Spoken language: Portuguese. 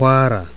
Quara